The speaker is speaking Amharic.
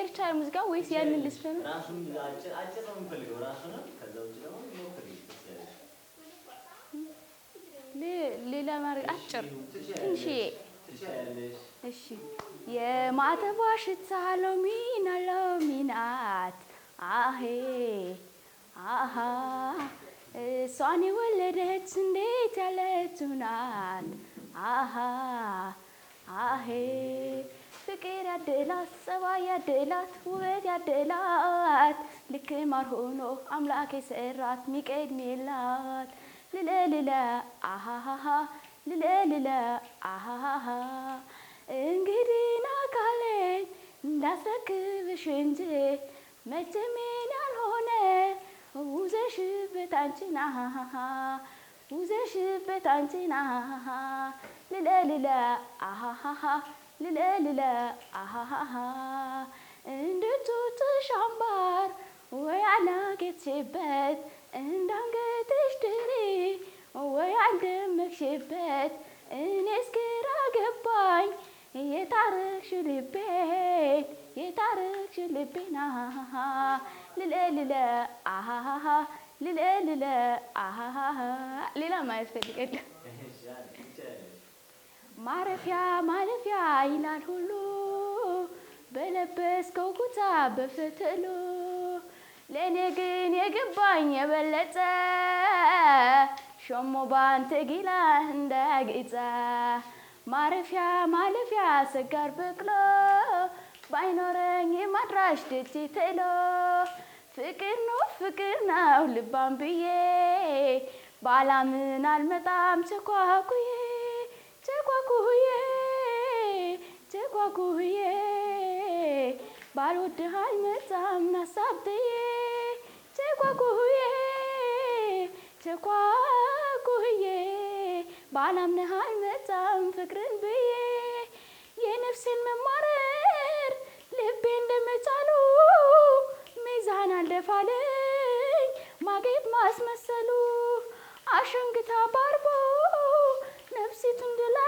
መቀየር ይቻላል ሙዚቃ ወይስ ያንን ነው? ራሱን አጭር አጭር ነው የምፈልገው ራሱን። ከዛ ውጭ ደግሞ ሞክሪ ሌላ ማድረግ አጭር ትንሽ። እሺ የማተቧ ሽታ ሎሚና ሎሚናት አሄ አሃ እሷን የወለደች እንዴት ያለችው ናት አሃ አሄ ፍቅር ያድላት፣ ጸባይ ያድላት፣ ውበት ያድላት፣ ልክ ማር ሆኖ አምላክ የሰራት ሚቀድም የላት። ልለልለ አሃሃ ልለልለ አሃሃ እንግዲህ ና ካለኝ እንዳስረክብሽ እንጂ መቼም ያልሆነ ውዘሽ በታንችን አሃሃ ውበት አንቺና ልለልለ አሃሃ ልለልለ አሃሃ እንድትውጥሽ አምባር ወይ አላጌጥሽበት እንዳንገትሽ ድሪ ወይ አልደመቅሽበት እኔ እስግራ ገባኝ የታረቅሽ ልቤ የታረቅሽ ልቤና ልለልለ አሃሃ ልለ ልለ ሌላ ማያስፈልግ የለም። ማረፊያ ማለፊያ ይላል ሁሉ በለበስከው ኩታ በፈትሎ ለእኔ ግን የገባኝ የበለጠ ሾሞ ባንተ ጊላ እንዳያጌጠ ማረፊያ ማለፊያ ሰጋር በቅሎ ባይኖረኝ ማድራሽ ድጅ ትሎ ፍቅር ነው ፍቅር ነው ልባም ብዬ ባላምን አልመጣም ቸኳኩዬ ቸኳኩዬ ቸኳኩዬ ባልወድህ አልመጣም ናሳብ ብዬ ቸኳኩዬ ቸኳኩዬ ባላምንህ አልመጣም ፍቅርን ብዬ የነፍሴን መማረ አልደፋለኝ ማጌጥ ማስመሰሉ አሸንግታ ባርቦ ነፍሲቱን እንድላ